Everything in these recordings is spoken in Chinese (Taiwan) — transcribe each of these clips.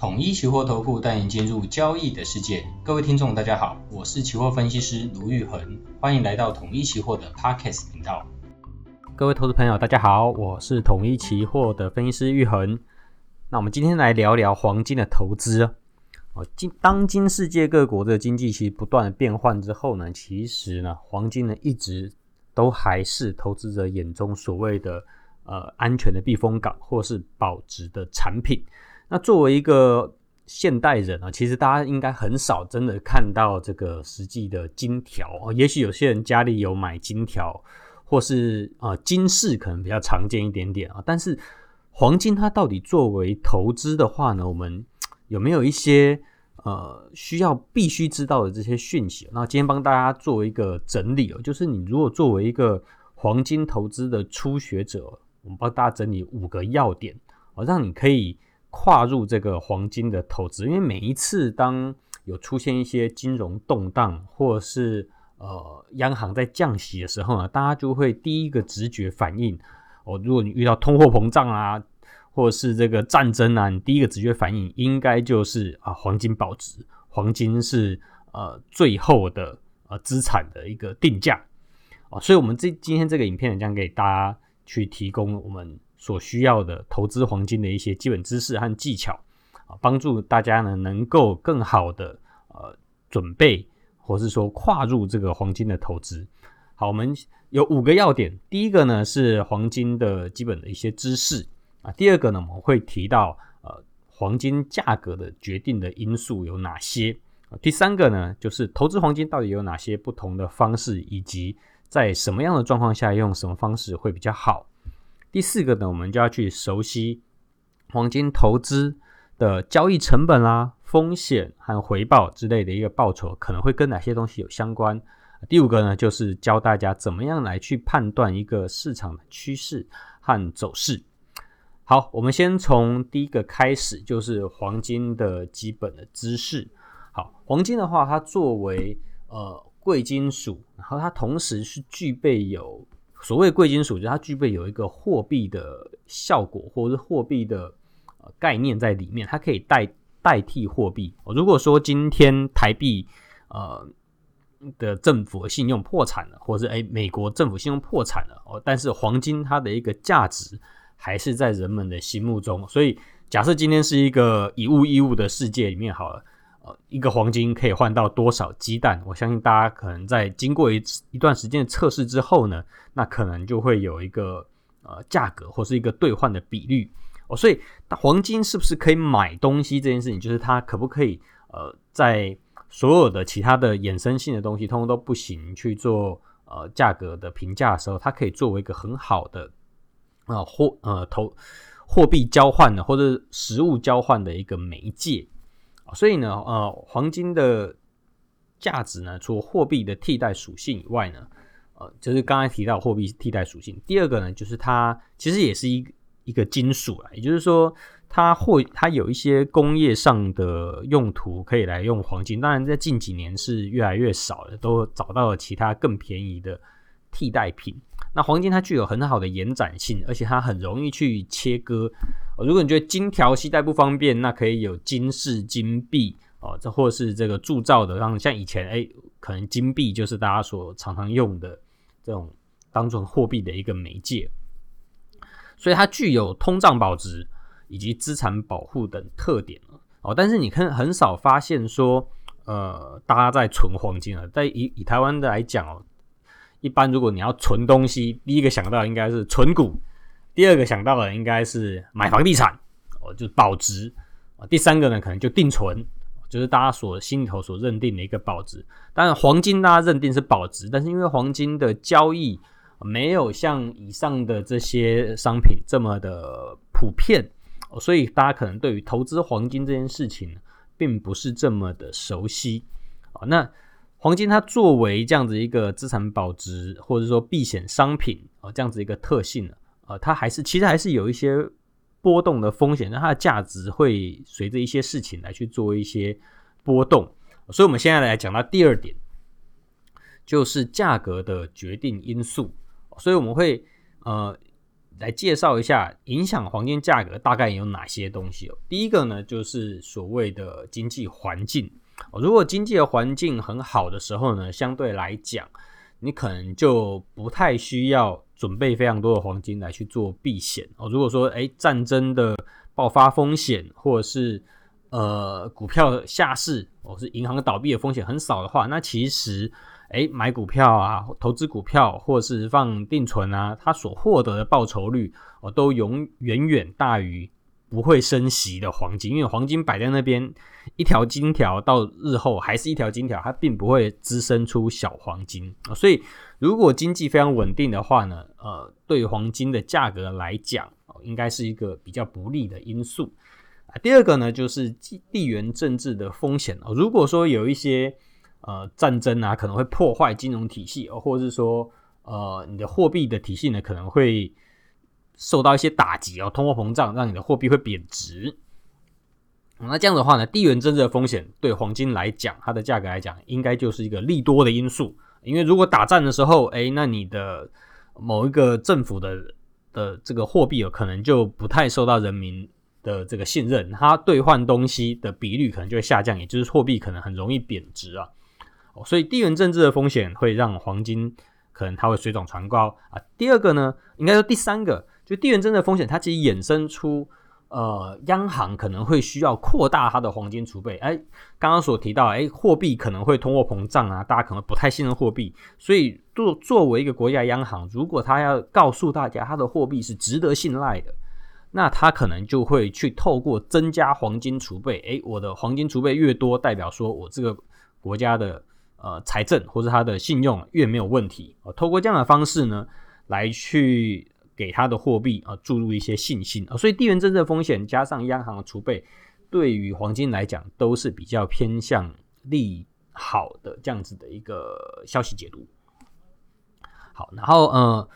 統一期貨投顧帶你進入交易的世界。各位聽眾，大家好，我是期貨分析師盧昱衡，歡迎來到統一期貨的 Podcast 頻道。各位投資朋友，大家好，我是統一期貨的分析師昱衡。那我們今天來聊聊黃金的投資。哦，今當今世界各國的經濟其實不斷的變換之後呢，其實呢，黃金呢一直都還是投資者眼中所謂的呃安全的避風港或是保值的產品。那作為一個現代人啊，其實大家應該很少真的看到這個實際的金條。也許有些人家裡有買金條，或是啊金飾可能比較常見一點點啊。但是黃金它到底作為投資的話呢，我們有沒有一些呃需要必須知道的這些訊息？那今天幫大家做一個整理哦，就是你如果作為一個黃金投資的初學者，我們幫大家整理五個要點哦，讓你可以。跨入這個黃金的投資，因為每一次當有出現一些金融動盪，或是呃央行在降息的時候呢，大家就會第一個直覺反應哦，如果你遇到通貨膨脹啊，或者是這個戰爭啊，你第一個直覺反應應該就是啊、呃、黃金保值，黃金是呃最後的呃資產的一個定價啊、哦，所以我們這今天這個影片將給大家去提供我們。所需要的投資黃金的一些基本知識和技巧，啊，幫助大家呢能夠更好的呃準備，或是說跨入這個黃金的投資。好，我們有五個要點。第一個呢是黃金的基本的一些知識啊，第二個呢我們會提到呃黃金價格的決定的因素有哪些。啊，第三個呢就是投資黃金到底有哪些不同的方式，以及在什麼樣的狀況下用什麼方式會比較好。第四個呢，我們就要去熟悉黃金投資的交易成本啦、啊、風險和回報之類的一個報酬，可能會跟哪些東西有相關。第五個呢，就是教大家怎麼樣來去判斷一個市場的趨勢和走勢。好，我們先從第一個開始，就是黃金的基本的知識。好，黃金的話，它作為呃貴金屬，然後它同時是具備有。所謂貴金屬，就它具備有一個貨幣的效果，或者是貨幣的概念在裡面，它可以代代替貨幣。如果說今天台幣，呃的政府的信用破產了，或是哎、欸、美國政府信用破產了，哦，但是黃金它的一個價值還是在人們的心目中。所以假設今天是一個以物易物的世界裡面好了。呃，一個黃金可以換到多少雞蛋？我相信大家可能在經過一一段時間的測試之後呢，那可能就會有一個呃價格或是一個兌換的比率哦。所以，黃金是不是可以買東西這件事情，就是它可不可以呃，在所有的其他的衍生性的東西通通都不行去做呃價格的評價的時候，它可以作為一個很好的呃貨呃投貨幣交換的或者實物交換的一個媒介。所以呢，呃，黃金的價值呢，除了貨幣的替代屬性以外呢，呃，就是剛才提到貨幣替代屬性。第二個呢，就是它其實也是一一個金屬啦，也就是說，它貨，它有一些工業上的用途可以來用黃金。當然，在近幾年是越來越少了，都找到了其他更便宜的替代品。那黃金它具有很好的延展性，而且它很容易去切割。哦、如果你覺得金條攜帶不方便，那可以有金飾、金幣哦，這或者是這個鑄造的，像像以前誒、欸，可能金幣就是大家所常常用的這種當做貨幣的一個媒介。所以它具有通脹保值以及資產保護等特點哦。但是你看很少發現說呃，大家在存黃金啊，在以以台灣的來講哦。一般如果你要存東西，第一個想到的應該是存股，第二個想到的應該是買房地產，哦，就是保值啊。第三個呢，可能就定存，就是大家所心頭所認定的一個保值。當然，黃金大家認定是保值，但是因為黃金的交易沒有像以上的這些商品這麼的普遍，所以大家可能對於投資黃金這件事情並不是這麼的熟悉啊。那。黃金它作為這樣子一個資產保值或者說避險商品啊，這樣子一個特性呢，呃，它還是其實還是有一些波動的風險，但它的價值會隨着一些事情來去做一些波動。所以，我們現在來講到第二點，就是價格的決定因素。所以，我們會呃來介紹一下影響黃金價格大概有哪些東西哦。第一個呢，就是所謂的經濟環境。如果經濟的環境很好的時候呢，相對來講，你可能就不太需要準備非常多的黃金來去做避險。哦，如果說，哎，戰爭的爆發風險，或者是呃股票下市，或者是銀行倒閉的風險很少的話，那其實，哎，買股票啊，投資股票，或者是放定存啊，它所獲得的報酬率，哦，都永遠遠大於。不會升息的黃金，因為黃金擺在那邊，一條金條到日後還是一條金條，它並不會滋生出小黃金。哦，所以，如果經濟非常穩定的話呢，呃，對黃金的價格來講，哦，應該是一個比較不利的因素啊。第二個呢，就是地緣政治的風險啊。哦，如果說有一些呃戰爭啊，可能會破壞金融體系，哦，或者是說呃你的貨幣的體系呢，可能會。受到一些打擊哦，通貨膨脹讓你的貨幣會貶值。那這樣的話呢，地緣政治的風險對黃金來講，它的價格來講，應該就是一個利多的因素。因為如果打仗的時候，哎、欸，那你的某一個政府的的這個貨幣有可能就不太受到人民的這個信任，它兌換東西的比率可能就會下降，也就是貨幣可能很容易貶值啊。哦，所以地緣政治的風險會讓黃金可能它會水漲船高啊。第二個呢，應該說第三個。就地緣政治風險，它其實衍生出，呃，央行可能會需要擴大它的黃金儲備。哎、欸，剛剛所提到，哎、欸，貨幣可能會通貨膨脹啊，大家可能不太信任貨幣。所以，作作為一個國家央行，如果它要告訴大家它的貨幣是值得信賴的，那它可能就會去透過增加黃金儲備。哎、欸，我的黃金儲備越多，代表說我這個國家的呃財政或者它的信用越沒有問題、呃。透過這樣的方式呢，來去。給它的貨幣啊注入一些信心啊，所以地緣政治風險加上央行的儲備，對於黃金來講都是比較偏向利好的這樣子的一個消息解讀。好，然後呃，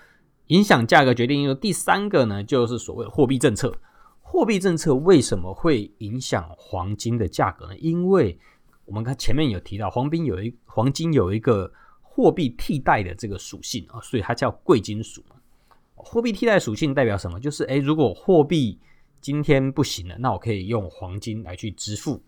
影響價格決定因素第三個呢，就是所謂的貨幣政策。貨幣政策為什麼會影響黃金的價格呢？因為我們看前面有提到，黃金有一黃金有一個貨幣替代的這個屬性啊，所以它叫貴金屬。貨幣替代屬性代表什麼？就是哎，如果貨幣今天不行了，那我可以用黃金來去支付。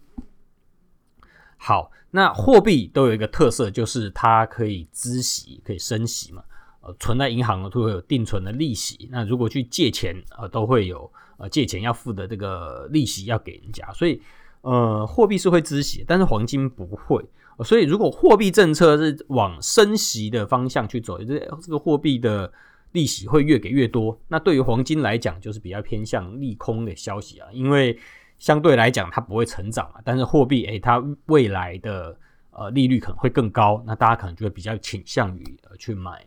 好，那貨幣都有一個特色，就是它可以孳息、可以升息嘛。呃，存在銀行了都會有定存的利息。那如果去借錢呃，都會有呃借錢要付的這個利息要給人家。所以呃，貨幣是會孳息，但是黃金不會，呃。所以如果貨幣政策是往升息的方向去走，這這個貨幣的。利息會越給越多，那對於黃金來講，就是比較偏向利空的消息啊，因為相對來講它不會成長啊，但是貨幣誒它未來的呃利率可能會更高，那大家可能就會比較傾向於呃去買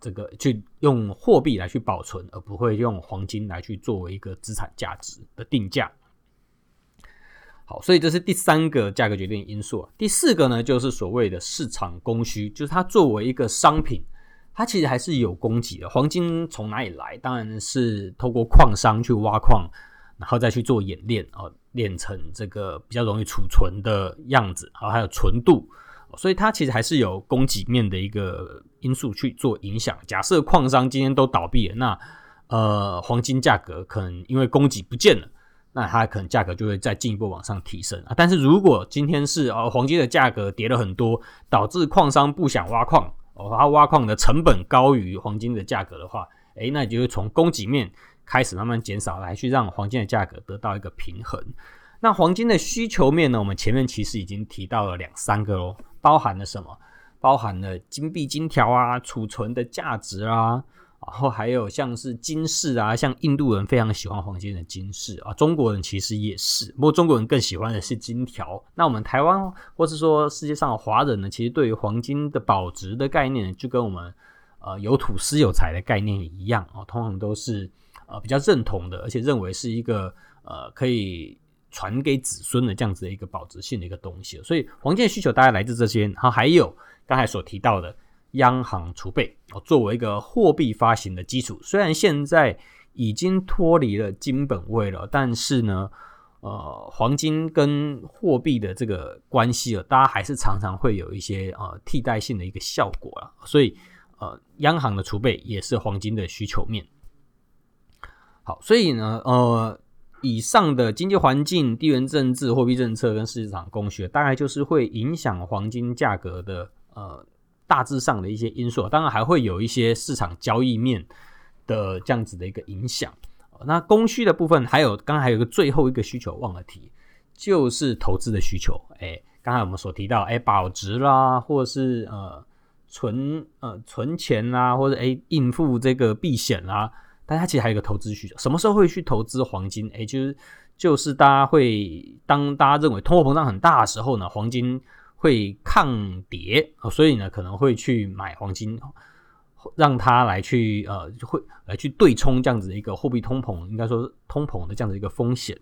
這個，去用貨幣來去保存，而不會用黃金來去作為一個資產價值的定價。好，所以這是第三個價格決定因素。第四個呢，就是所謂的市場供需，就是它作為一個商品。它其實還是有供給的。黃金從哪裡來？當然是透過礦商去挖礦，然後再去做冶煉啊，煉成這個比較容易儲存的樣子，然後還有純度。所以它其實還是有供給面的一個因素去做影響。假設礦商今天都倒閉了，那呃，黃金價格可能因為供給不見了，那它可能價格就會再進一步往上提升啊。但是如果今天是啊、哦，黃金的價格跌了很多，導致礦商不想挖礦。哦，它挖礦的成本高於黃金的價格的話，哎、欸，那就從供給面開始慢慢減少來去讓黃金的價格得到一個平衡。那黃金的需求面呢？我們前面其實已經提到了兩三個咯，包含了什麼？包含了金幣、金條啊，儲存的價值啊。然後還有像是金飾啊，像印度人非常喜歡黃金的金飾啊，中國人其實也是，不過中國人更喜歡的是金條。那我們台灣或是說世界上華人呢，其實對於黃金的保值的概念，就跟我們呃有土斯有財的概念一樣哦、啊，通常都是呃比較認同的，而且認為是一個呃可以傳給子孫的這樣子的一個保值性的一個東西。所以黃金的需求大概來自這些，然後還有剛才所提到的。央行儲備作為一個貨幣發行的基礎，雖然現在已經脫離了金本位了，但是呢，呃，黃金跟貨幣的這個關係啊，呃，大家還是常常會有一些呃替代性的一個效果啊。所以，呃，央行的儲備也是黃金的需求面。好，所以呢，呃，以上的經濟環境、地緣政治、貨幣政策跟市場供需，大概就是會影響黃金價格的，呃。大致上的一些因素，當然還會有一些市場交易面的這樣子的一個影響。那供需的部分，還有剛才有個最後一個需求忘了提，就是投資的需求。誒，剛才我們所提到，誒，保值啦，或是呃存呃存錢啦、啊，或者誒，應付這個避險啦、啊，大家其實還有一個投資需求，什麼時候會去投資黃金？誒，就是就是大家會當大家認為通貨膨脹很大的時候呢，黃金會抗跌，所以呢，可能會去買黃金，讓它來去呃，會來去對沖這樣子的一個貨幣通膨，應該說是通膨的這樣的一個風險。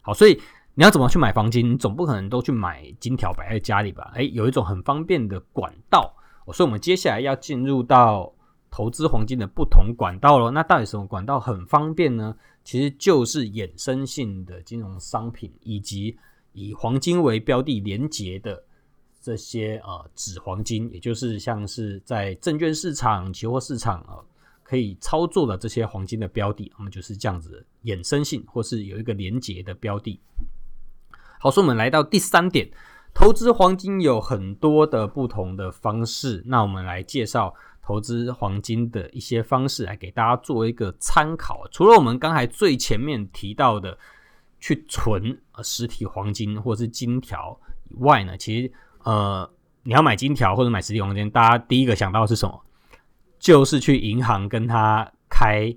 好，所以你要怎麼去買黃金？你總不可能都去買金條擺在家裡吧？哎，有一種很方便的管道，所以我們接下來要進入到投資黃金的不同管道了。那到底什麼管道很方便呢？其實就是衍生性的金融商品，以及以黃金為標的連接的。這些呃，紙黃金，也就是像是在證券市場、期貨市場啊，可以操作的這些黃金的標的，那麼就是這樣子，衍生性或是有一個連結的標的。好，所以我們來到第三點，投資黃金有很多的不同的方式。那我們來介紹投資黃金的一些方式，來給大家做一個參考。除了我們剛才最前面提到的去存實體黃金或是金條以外呢，其實呃，你要買金條或者買實體黃金，大家第一個想到是什麼？就是去銀行跟他開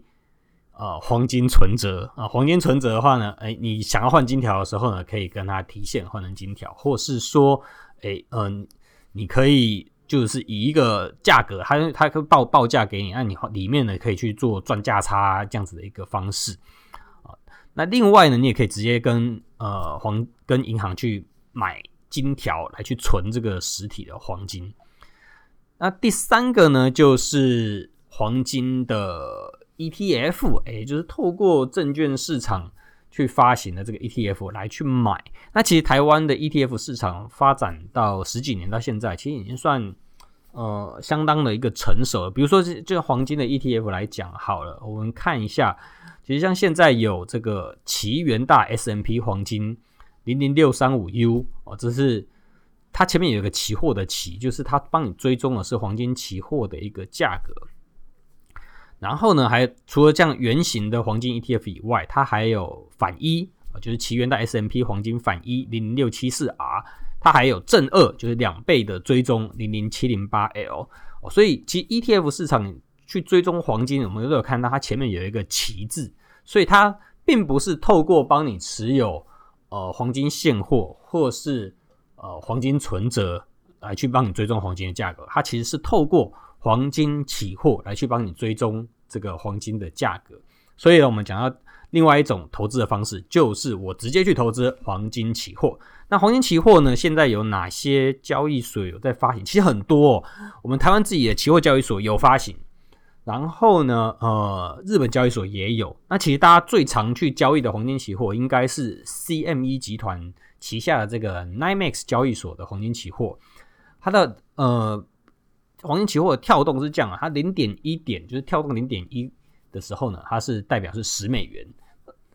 呃黃金存摺啊、呃。黃金存摺的話呢，哎、欸，你想要換金條的時候呢，可以跟他提現換成金條，或是說，哎、欸，嗯、呃，你可以就是以一個價格，他他可以報報價給你，那你裡面呢可以去做賺價差這樣子的一個方式。那另外呢，你也可以直接跟呃黃跟銀行去買。金條來去存這個實體的黃金，那第三個呢，就是黃金的 ETF，哎、欸，就是透過證券市場去發行的這個 ETF 來去買。那其實台灣的 ETF 市場發展到十幾年到現在，其實已經算呃相當的一個成熟了。比如說，這就黃金的 ETF 來講，好了，我們看一下，其實像現在有這個期元大 S&P 黃金。零零六三五 U 哦，這是它前面有一個期貨的“期”，就是它幫你追蹤的是黃金期貨的一個價格。然後呢，還除了這樣原型的黃金 ETF 以外，它還有反一，就是期元大 S&P 黃金反一，零零六七四 R，它還有正二，就是兩倍的追蹤零零七零八 L 哦。所以其實 ETF 市場去追蹤黃金，我們都有看到它前面有一個“期”字，所以它並不是透過幫你持有。呃，黃金現貨或是呃黃金存摺來去幫你追蹤黃金的價格，它其實是透過黃金期貨來去幫你追蹤這個黃金的價格。所以呢，我們講到另外一種投資的方式，就是我直接去投資黃金期貨。那黃金期貨呢，現在有哪些交易所有在發行？其實很多哦，我們台灣自己的期貨交易所有發行。然後呢，呃，日本交易所也有。那其實大家最常去交易的黃金期貨，應該是 CME 集團旗下的這個 NYMEX 交易所的黃金期貨。它的呃，黃金期貨的跳動是這樣啊，它零點一點就是跳動零點一的時候呢，它是代表是十美元。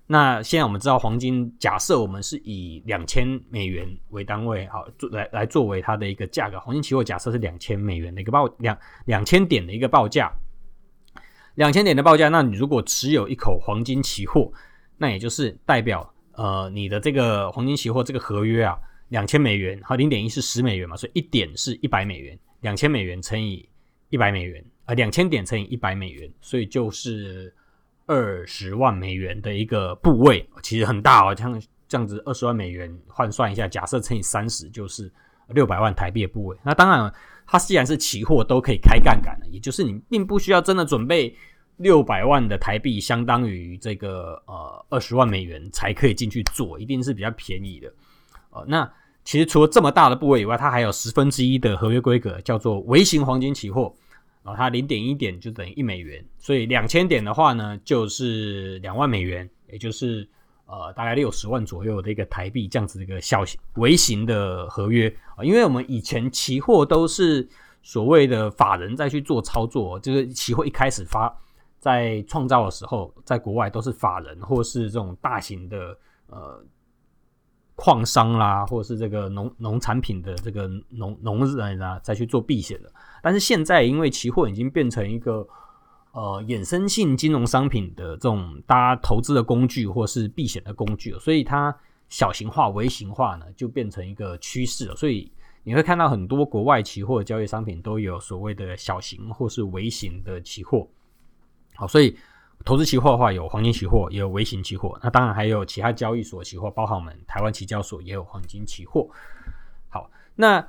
那現在我們知道，黃金假設我們是以兩千美元為單位，好，來來作為它的一個價格。黃金期貨假設是兩千美元的一個報兩兩千點的一個報價。兩千點的報價，那你如果持有一口黃金期貨，那也就是代表，呃，你的這個黃金期貨這個合約啊，兩千美元，好，零點一是十美元嘛，所以一點是一百美元，兩千美元乘以一百美元，啊、呃，兩千點乘以一百美元，所以就是二十萬美元的一個部位，其實很大哦，像這樣子二十萬美元換算一下，假設乘以三十，就是六百萬台幣的部位，那當然。它既然是期貨，都可以開槓桿的，也就是你並不需要真的準備六百萬的台幣，相當於這個呃二十萬美元才可以進去做，一定是比較便宜的。呃，那其實除了這麼大的部位以外，它還有十分之一的合約規格，叫做微型黃金期貨，然後，呃，它零點一點就等於一美元，所以兩千點的話呢，就是兩萬美元，也就是。呃，大概六十萬左右的一個台幣這樣子的一個小微型的合約啊，呃，因為我們以前期貨都是所謂的法人在去做操作，就是期貨一開始發在創造的時候，在國外都是法人或是這種大型的呃礦商啦，或是這個農農產品的這個農農人啊在去做避險的，但是現在因為期貨已經變成一個。呃，衍生性金融商品的這種大家投資的工具，或是避險的工具哦，所以它小型化、微型化呢，就變成一個趨勢了。所以你會看到很多國外期貨交易商品都有所謂的小型或是微型的期貨。好，所以投資期貨的話，有黃金期貨，也有微型期貨。那當然還有其他交易所期貨，包括我們台灣期交所也有黃金期貨。好，那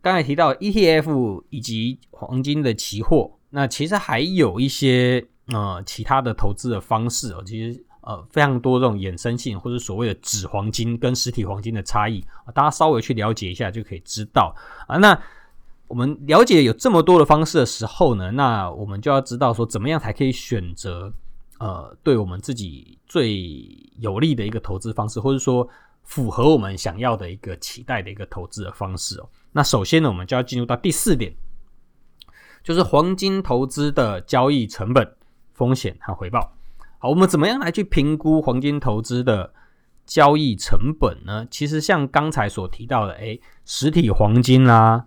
剛才提到 ETF 以及黃金的期貨。那其實還有一些呃其他的投資的方式哦，其實呃非常多這種衍生性或者所謂的紙黃金跟實體黃金的差異，大家稍微去了解一下就可以知道啊。那我們了解有這麼多的方式的時候呢，那我們就要知道說怎麼樣才可以選擇呃對我們自己最有利的一個投資方式，或者說符合我們想要的一個期待的一個投資的方式哦。那首先呢，我們就要進入到第四點。就是黃金投資的交易成本、風險和回報。好，我們怎麼樣來去評估黃金投資的交易成本呢？其實像剛才所提到的，哎，實體黃金啦、啊，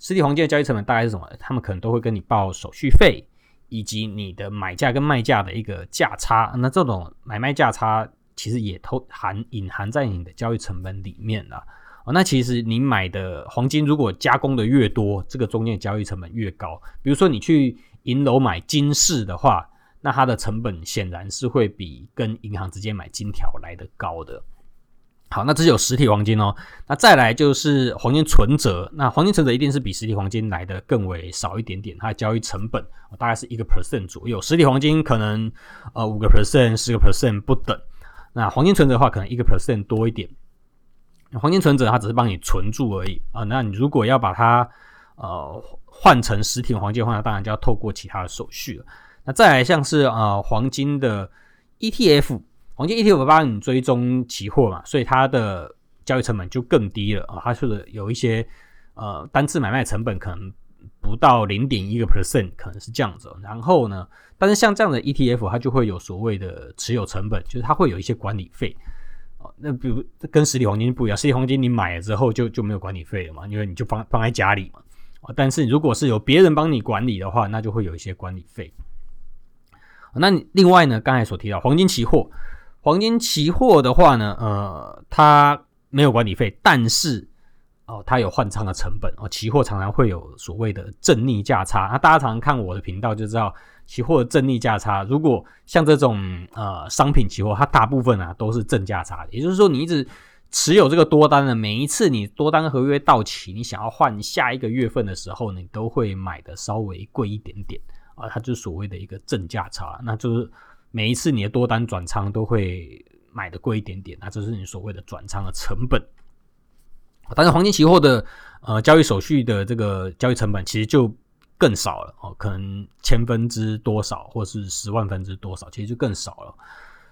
實體黃金的交易成本大概是什麼？他們可能都會跟你報手續費，以及你的買價跟賣價的一個價差。那這種買賣價差其實也都含隱含在你的交易成本裡面了、啊。哦，那其實你買的黃金如果加工的越多，這個中間的交易成本越高。比如說你去銀樓買金飾的話，那它的成本顯然是會比跟銀行直接買金條來的高的。好，那只有實體黃金哦。那再來就是黃金存折，那黃金存折一定是比實體黃金來的更為少一點點，它的交易成本大概是一個 percent 左右，實體黃金可能呃五個 percent、十個 percent 不等，那黃金存折的話可能一個 percent 多一點。黃金存摺它只是幫你存住而已啊，那你如果要把它呃換成實體黃金的話，當然就要透過其他的手續了。那再來像是啊、呃、黃金的 ETF，黃金 ETF 會幫你追蹤期貨嘛，所以它的交易成本就更低了啊，它是有一些呃單次買賣成本可能不到零點一個 percent，可能是這樣子喔。然後呢，但是像這樣的 ETF，它就會有所謂的持有成本，就是它會有一些管理費。那比如跟實體黃金不一樣，實體黃金你買了之後就就沒有管理費了嘛，因為你就放放在家裡嘛。但是如果是有別人幫你管理的話，那就會有一些管理費。那你另外呢，剛才所提到黃金期貨，黃金期貨的話呢，呃，它沒有管理費，但是哦，它有換倉的成本哦。期貨常常會有所謂的正逆價差，那，啊，大家常常看我的頻道就知道。期貨的正逆價差，如果像這種呃商品期貨，它大部分啊都是正價差的，也就是說，你一直持有這個多單的，每一次你多單合約到期，你想要換下一個月份的時候，你都會買的稍微貴一點點啊，它就是所謂的一個正價差，那就是每一次你的多單轉倉都會買的貴一點點，那這是你所謂的轉倉的成本。啊，但是黃金期貨的呃交易手續的這個交易成本其實就。更少了哦，可能千分之多少，或是十萬分之多少，其實就更少了。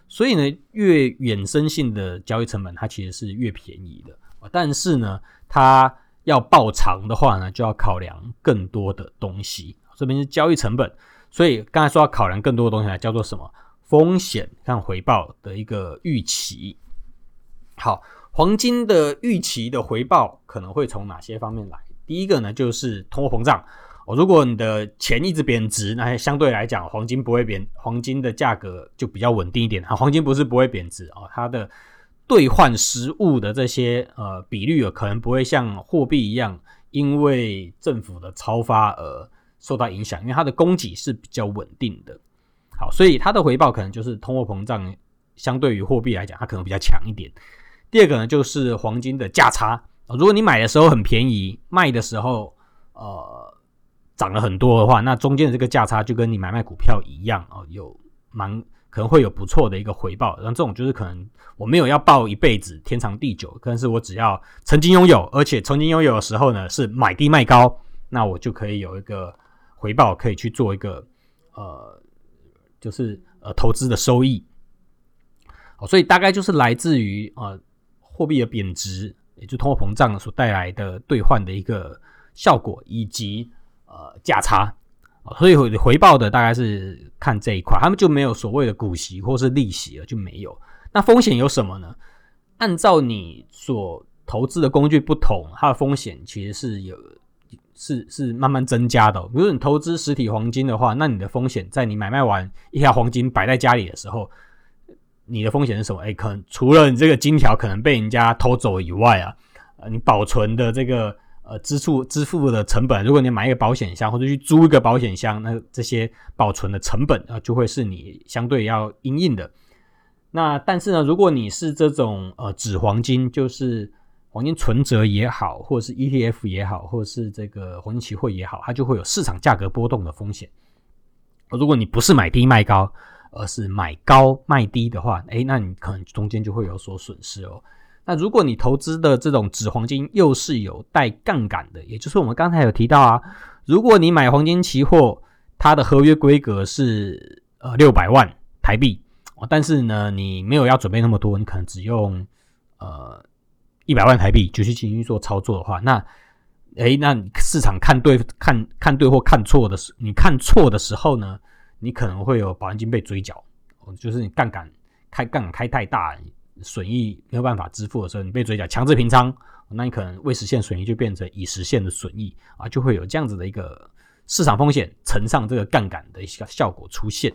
所以呢，越衍生性的交易成本，它其實是越便宜的。但是呢，它要爆倉的話呢，就要考量更多的東西。這邊是交易成本，所以剛才說要考量更多的東西呢，叫做什麼？風險跟回報的一個預期。好，黃金的預期的回報可能會從哪些方面來？第一個呢，就是通貨膨脹。哦，如果你的錢一直貶值，那相對來講，黃金不會貶，黃金的價格就比較穩定一點啊。黃金不是不會貶值哦，它的兌換實物的這些呃比率啊，可能不會像貨幣一樣，因為政府的超發而受到影響，因為它的供給是比較穩定的。好，所以它的回報可能就是通貨膨脹相對於貨幣來講，它可能比較強一點。第二個呢，就是黃金的價差。哦，如果你買的時候很便宜，賣的時候呃。漲了很多的話，那中間的這個價差就跟你買賣股票一樣哦，有蠻可能會有不錯的一個回報。然後這種就是可能我沒有要抱一輩子天長地久，但是我只要曾經擁有，而且曾經擁有的時候呢，是買低賣高，那我就可以有一個回報，可以去做一個呃，就是呃投資的收益。好，所以大概就是來自於呃，貨幣的貶值，也就是通貨膨脹所帶來的兌換的一個效果，以及呃，價差，所以回報的大概是看這一塊，他們就沒有所謂的股息或是利息了，就沒有。那風險有什麼呢？按照你所投資的工具不同，它的風險其實是有，是是慢慢增加的。比如說你投資實體黃金的話，那你的風險在你買賣完一條黃金擺在家裡的時候，你的風險是什麼？哎、欸，可能除了你這個金條可能被人家偷走以外啊，呃，你保存的這個。呃，支出支付的成本，如果你買一個保險箱或者去租一個保險箱，那這些保存的成本啊、呃，就會是你相對要因應的。那但是呢，如果你是這種呃紙黃金，就是黃金存折也好，或者是 ETF 也好，或者是這個黃金期貨也好，它就會有市場價格波動的風險、呃。如果你不是買低賣高，而是買高賣低的話，誒、欸，那你可能中間就會有所損失哦。那如果你投資的這種紙黃金又是有帶槓桿的，也就是我們剛才有提到啊，如果你買黃金期貨，它的合約規格是呃六百萬台幣，但是呢，你沒有要準備那麼多，你可能只用呃一百萬台幣就去進行做操作的話，那誒、欸、那你市場看對看看對或看錯的時，你看錯的時候呢，你可能會有保證金被追繳，就是你槓桿開槓桿開太大。損益沒有辦法支付的時候，你被追加強制平倉，那你可能未實現損益就變成已實現的損益啊，就會有這樣子的一個市場風險乘上這個槓桿的一個效果出現。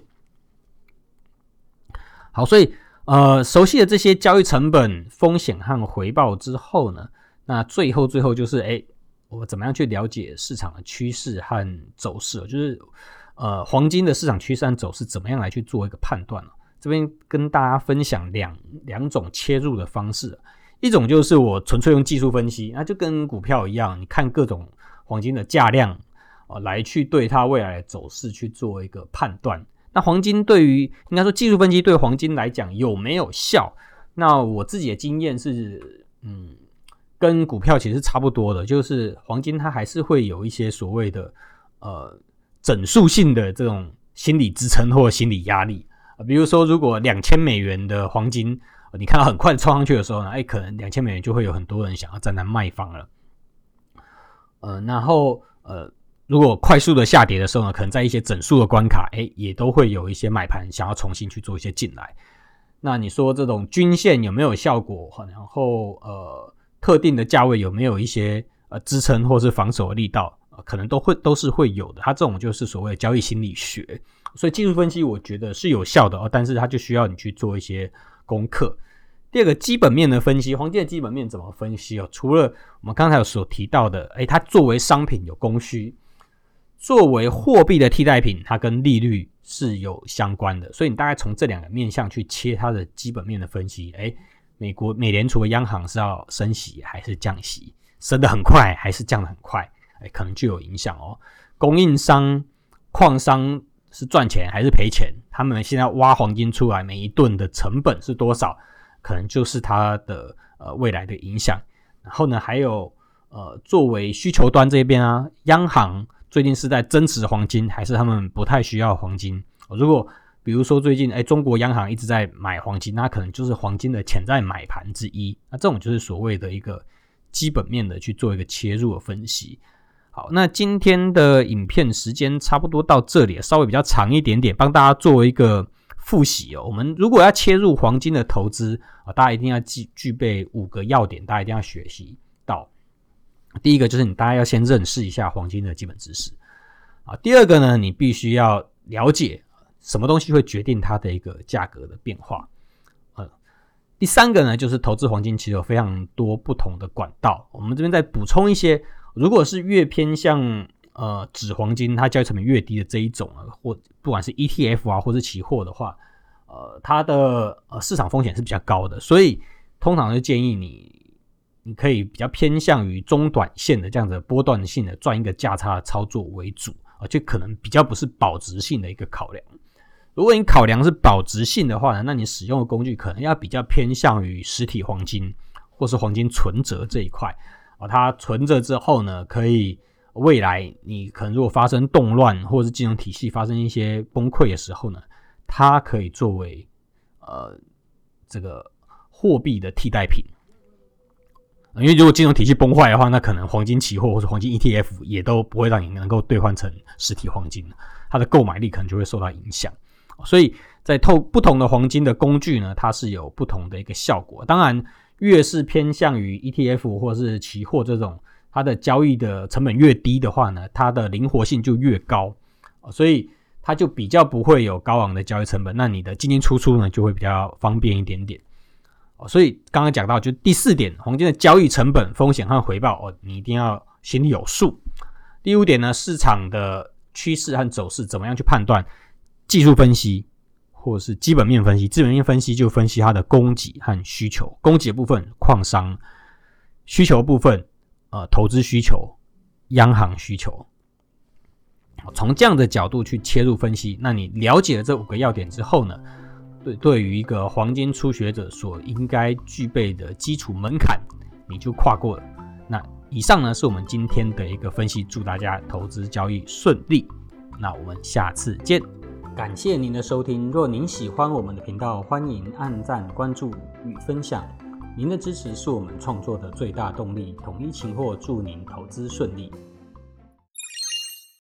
好，所以呃，熟悉的這些交易成本、風險和回報之後呢，那最後最後就是，誒我怎麼樣去了解市場的趨勢和走勢？就是呃，黃金的市場趨勢和走勢怎麼樣來去做一個判斷呢？這邊跟大家分享兩兩種切入的方式，一種就是我純粹用技術分析，那就跟股票一樣，你看各種黃金的價量，呃，來去對它未來的走勢去做一個判斷。那黃金對於，應該說技術分析對黃金來講有沒有效？那我自己的經驗是，嗯，跟股票其實是差不多的，就是黃金它還是會有一些所謂的，呃，整數性的這種心理支撐或心理壓力。比如說，如果兩千美元的黃金，你看到很快衝上去的時候呢，哎，可能兩千美元就會有很多人想要站在賣方了。呃，然後呃，如果快速的下跌的時候呢，可能在一些整數的關卡，哎，也都會有一些買盤想要重新去做一些進來。那你說這種均線有沒有效果？然後呃，特定的價位有沒有一些呃支撐或是防守的力道，呃，可能都會都是會有的。它這種就是所謂的交易心理學。所以技術分析我覺得是有效的哦，但是它就需要你去做一些功課。第二個基本面的分析，黃金的基本面怎麼分析哦？除了我們剛才有所提到的，欸，它作為商品有供需，作為貨幣的替代品，它跟利率是有相關的。所以你大概從這兩個面向去切它的基本面的分析。欸，美國美聯儲的央行是要升息還是降息？升得很快還是降得很快？欸，可能就有影響哦。供應商、礦商。是賺錢還是賠錢？他們現在挖黃金出來，每一噸的成本是多少？可能就是它的呃未來的影響。然後呢，還有呃作為需求端這邊啊，央行最近是在增持黃金，還是他們不太需要黃金？如果比如說最近誒，中國央行一直在買黃金，那可能就是黃金的潛在買盤之一。那這種就是所謂的一個基本面的去做一個切入的分析。好，那今天的影片時間差不多到這裡，稍微比較長一點點，幫大家做一個複習哦。我們如果要切入黃金的投資啊，大家一定要具具備五個要點，大家一定要學習到。第一個就是你大家要先認識一下黃金的基本知識啊。第二個呢，你必須要了解什麼東西會決定它的一個價格的變化，啊。第三個呢，就是投資黃金其實有非常多不同的管道，我們這邊再補充一些。如果是越偏向呃紙黃金，它交易成本越低的這一種啊，或不管是 ETF 啊，或是期貨的話，呃，它的呃市場風險是比較高的，所以通常就建議你，你可以比較偏向於中短線的這樣子的波段性的賺一個價差的操作為主，而且可能比較不是保值性的一個考量。如果你考量是保值性的話呢，那你使用的工具可能要比較偏向於實體黃金或是黃金存摺這一塊。把它存着之後呢，可以未來你可能如果發生動亂或者是金融體系發生一些崩潰的時候呢，它可以作為呃這個貨幣的替代品。因為如果金融體系崩壞的話，那可能黃金期貨或者黃金 ETF 也都不會讓你能夠兌換成實體黃金，它的購買力可能就會受到影響。所以在透不同的黃金的工具呢，它是有不同的一個效果，當然。越是偏向於 ETF 或者是期貨這種，它的交易的成本越低的話呢，它的靈活性就越高，所以它就比較不會有高昂的交易成本，那你的進進出出呢就會比較方便一點點，所以剛剛講到就第四點，黃金的交易成本、風險和回報，哦，你一定要心裡有數。第五點呢，市場的趨勢和走勢怎麼樣去判斷？技術分析。或者是基本面分析，基本面分析就分析它的供給和需求，供給的部分，礦商，需求部分呃，投資需求、央行需求，從這樣的角度去切入分析。那你了解了這五個要點之後呢，對對於一個黃金初學者所應該具備的基礎門檻，你就跨過了。那以上呢是我們今天的一個分析，祝大家投資交易順利，那我們下次見。感謝您的收聽。若您喜歡我們的頻道，歡迎按讚、關注與分享。您的支持是我們創作的最大動力。統一期貨祝您投資順利。